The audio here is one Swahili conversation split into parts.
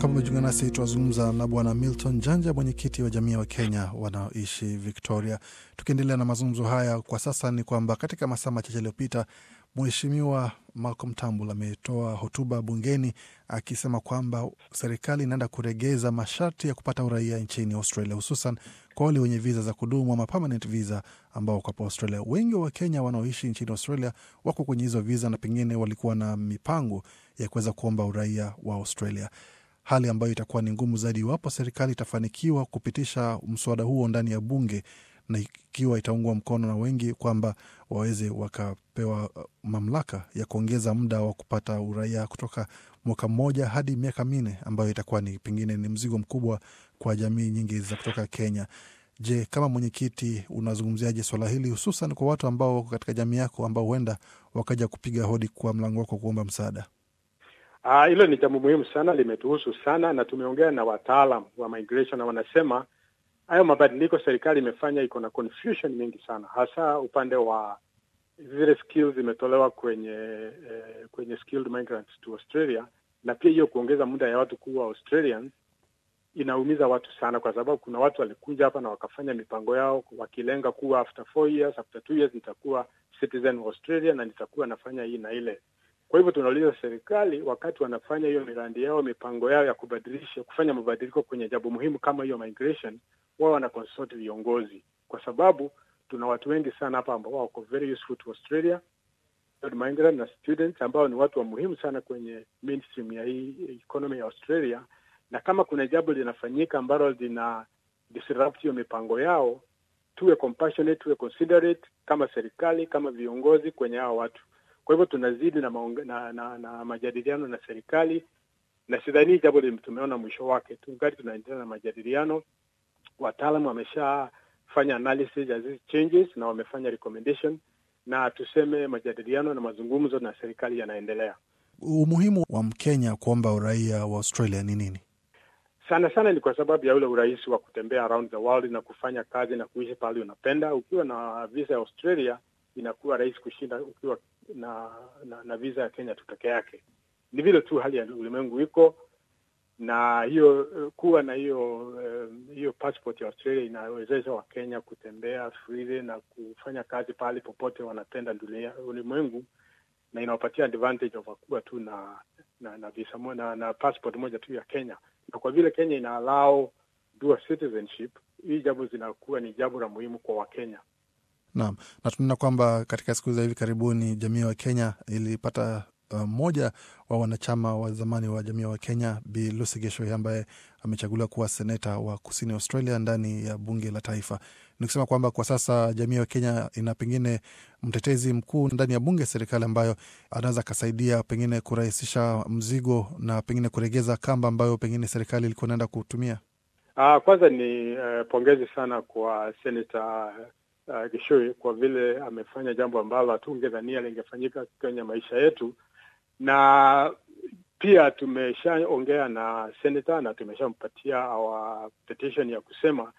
Kama ujiunga nasi tunazungumza na Bwana Milton Janja, mwenyekiti wa jamii wa Kenya wanaoishi Victoria. Tukiendelea na mazungumzo haya kwa sasa, ni kwamba katika masaa machache yaliyopita Mheshimiwa Malcolm tambul ametoa hotuba bungeni akisema kwamba serikali inaenda kuregeza masharti ya kupata uraia nchini Australia, hususan kwa wale wenye viza za kudumu ama permanent visa ambao wako hapa Australia. Wengi wa Wakenya wanaoishi nchini Australia wako kwenye hizo viza na pengine walikuwa na mipango ya kuweza kuomba uraia wa Australia hali ambayo itakuwa ni ngumu zaidi iwapo serikali itafanikiwa kupitisha mswada huo ndani ya bunge na ikiwa itaungwa mkono na wengi kwamba waweze wakapewa uh, mamlaka ya kuongeza muda wa kupata uraia kutoka mwaka mmoja hadi miaka minne, ambayo itakuwa ni pengine ni mzigo mkubwa kwa jamii nyingi za kutoka Kenya. Je, kama mwenyekiti, unazungumziaje swala hili, hususan kwa watu ambao wako katika jamii yako ambao huenda wakaja kupiga hodi kwa mlango wako kuomba msaada? Ah, hilo ni jambo muhimu sana, limetuhusu sana, na tumeongea na wataalam wa migration na wanasema hayo mabadiliko serikali imefanya iko na confusion mingi sana, hasa upande wa zile skills zimetolewa kwenye eh, kwenye skilled migrants to Australia, na pia hiyo kuongeza muda ya watu kuwa Australians inaumiza watu sana, kwa sababu kuna watu walikuja hapa na wakafanya mipango yao wakilenga kuwa after four years, after two years nitakuwa citizen wa Australia na nitakuwa nafanya hii na ile kwa hivyo tunauliza serikali, wakati wanafanya hiyo mirandi yao, mipango yao ya kubadilisha, kufanya mabadiliko kwenye jambo muhimu kama hiyo migration, wao wana consult viongozi, kwa sababu tuna watu wengi sana hapa ambao wako very useful to Australia migrant na students ambao ni watu wa muhimu sana kwenye mainstream ya hii economy ya Australia, na kama kuna jambo linafanyika ambalo lina disrupt hiyo mipango yao, tuwe compassionate, tuwe considerate kama serikali, kama viongozi kwenye hao watu. Kwa hivyo tunazidi na, maunga, na, na, na majadiliano na serikali, na sidhani jambo tumeona mwisho wake. Tungali tunaendelea na majadiliano, wataalamu wameshafanya analysis ya these changes na wamefanya recommendation, na tuseme majadiliano na mazungumzo na serikali yanaendelea. Umuhimu wa Mkenya kuomba uraia wa Australia ni nini? Sana sana ni kwa sababu ya ule urahisi wa kutembea around the world na kufanya kazi na kuishi pahali unapenda. Ukiwa na visa ya Australia inakuwa rahisi kushinda ukiwa na, na na visa ya Kenya tu peke yake. Ni vile tu hali ya ulimwengu iko na hiyo kuwa na hiyo eh, hiyo passport ya Australia inawezesha Wakenya kutembea freely na kufanya kazi pahali popote wanapenda ulimwengu, na inawapatia advantage of kuwa tu na na na, visa mo, na na passport moja tu ya Kenya, na kwa vile Kenya ina allow dual citizenship, hii jambo zinakuwa ni jambo la muhimu kwa Wakenya. Naam, na tunaona kwamba katika siku za hivi karibuni jamii wa kenya ilipata uh, mmoja wa wanachama wa zamani wa jamii wa Kenya Bi Lucy ambaye amechaguliwa kuwa seneta wa kusini Australia ndani ya bunge la taifa. Ni kusema kwamba kwa sasa jamii wa Kenya ina pengine mtetezi mkuu ndani ya bunge serikali, ambayo anaweza akasaidia pengine kurahisisha mzigo na pengine kuregeza kamba ambayo pengine serikali ilikuwa inaenda kutumia. Ah, kwanza ni eh, pongezi sana kwa seneta uh, kwa vile amefanya jambo ambalo hatungedhania lingefanyika kwenye maisha yetu, na pia tumeshaongea na senata na tumeshampatia our petition ya kusema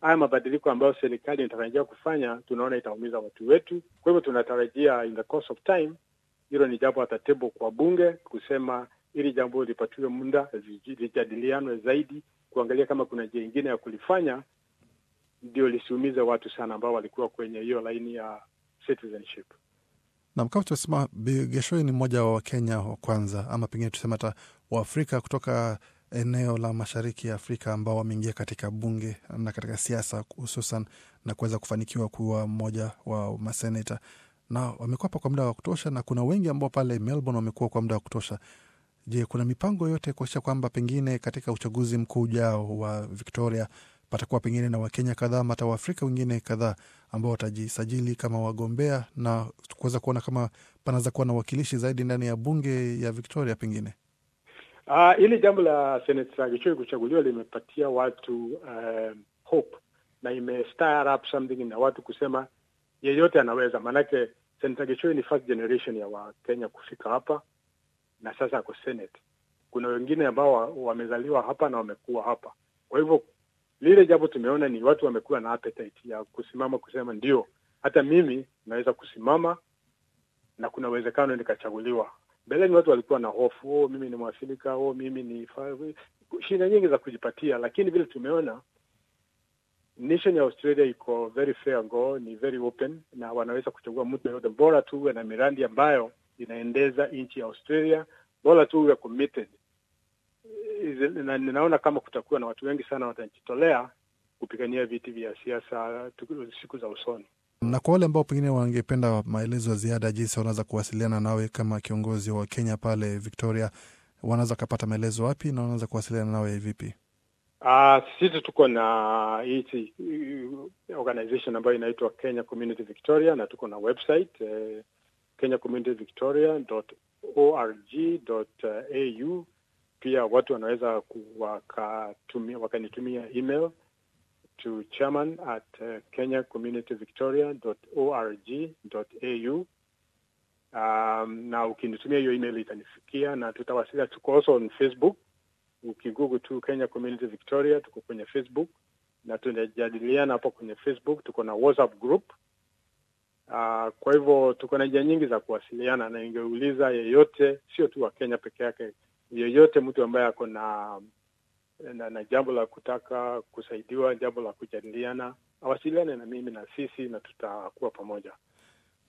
haya mabadiliko ambayo serikali inatarajia kufanya, tunaona itaumiza watu wetu. Kwa hivyo tunatarajia in the course of time, hilo ni jambo atatebo kwa bunge kusema ili jambo lipatiwe muda lijadilianwe zaidi, kuangalia kama kuna njia ingine ya kulifanya ndio lisiumize watu sana ambao walikuwa kwenye hiyo laini ya citizenship. Nam, kama tunasema Bigeshoi ni mmoja wa Wakenya wa kwanza ama pengine tuseme hata Waafrika kutoka eneo la mashariki ya Afrika ambao wameingia katika bunge na katika siasa hususan na kuweza kufanikiwa kuwa mmoja wa maseneta, na wamekuwa hapa kwa muda wa kutosha, na kuna wengi ambao pale Melbourne wamekuwa kwa muda wa kutosha. Je, kuna mipango yote kuakisha kwamba pengine katika uchaguzi mkuu ujao wa Victoria patakuwa pengine na Wakenya kadhaa ama hata Waafrika wengine kadhaa ambao watajisajili kama wagombea na kuweza kuona kama panaweza kuwa na wakilishi zaidi ndani ya bunge ya Victoria pengine. Uh, hili jambo la Senate Gichoi kuchaguliwa limepatia watu uh, hope na ime stir up something na watu kusema yeyote anaweza, maanake Senate Gichoi ni first generation ya Wakenya kufika hapa na sasa ako Senate. Kuna wengine ambao wamezaliwa hapa na wamekuwa hapa, kwa hivyo lile jambo tumeona ni watu wamekuwa na appetite ya kusimama kusema ndio, hata mimi naweza kusimama na kuna uwezekano nikachaguliwa. Mbeleni watu walikuwa na hofu, oh, mimi ni Mwafrika, oh, mimi ni shida nyingi za kujipatia, lakini vile tumeona nation ya Australia iko very fair go, ni very open na wanaweza kuchagua mtu yoyote, bora tu uwe na mirandi ambayo inaendeza nchi ya Australia, bora tu uwe committed ninaona kama kutakuwa na watu wengi sana watajitolea kupigania viti vya siasa siku za usoni. Na kwa wale ambao pengine wangependa maelezo ya ziada jinsi wanaweza kuwasiliana nawe kama kiongozi wa Kenya pale Victoria, wanaweza wakapata maelezo wapi na wanaweza kuwasiliana nawe vipi? Uh, sisi tuko na hii eh, organization ambayo inaitwa Kenya Community Victoria na tuko na website eh, kenyacommunityvictoria.org.au pia watu wanaweza wakanitumia mail email to chairman at uh, Kenya Community Victoria org au. Um, na ukinitumia hiyo email itanifikia na tutawasilia Tuko also on Facebook, ukigugu tu Kenya Community Victoria tuko kwenye Facebook na tunajadiliana hapo kwenye Facebook. Tuko na WhatsApp group Uh, kwa hivyo tuko na njia nyingi za kuwasiliana, na ingeuliza yeyote, sio tu wa Kenya peke yake, yeyote mtu ambaye ako na, na na jambo la kutaka kusaidiwa, jambo la kujadiliana, awasiliane na mimi na sisi, na tutakuwa pamoja.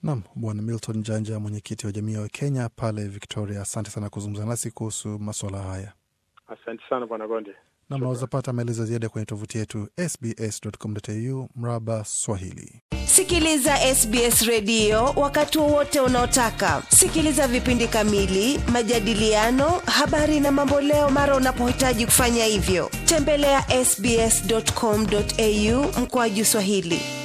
Naam, Bwana Milton Janja, mwenyekiti wa jamii ya Kenya pale Victoria, asante sana kuzungumza nasi kuhusu masuala haya. Asante sana Bwana Gonde na mnawezapata maelezo ziada kwenye tovuti yetu sbs.com.au mraba Swahili. Sikiliza SBS redio wakati wowote unaotaka. Sikiliza vipindi kamili, majadiliano, habari na mamboleo mara unapohitaji kufanya hivyo. Tembelea ya sbs.com.au mkoaju Swahili.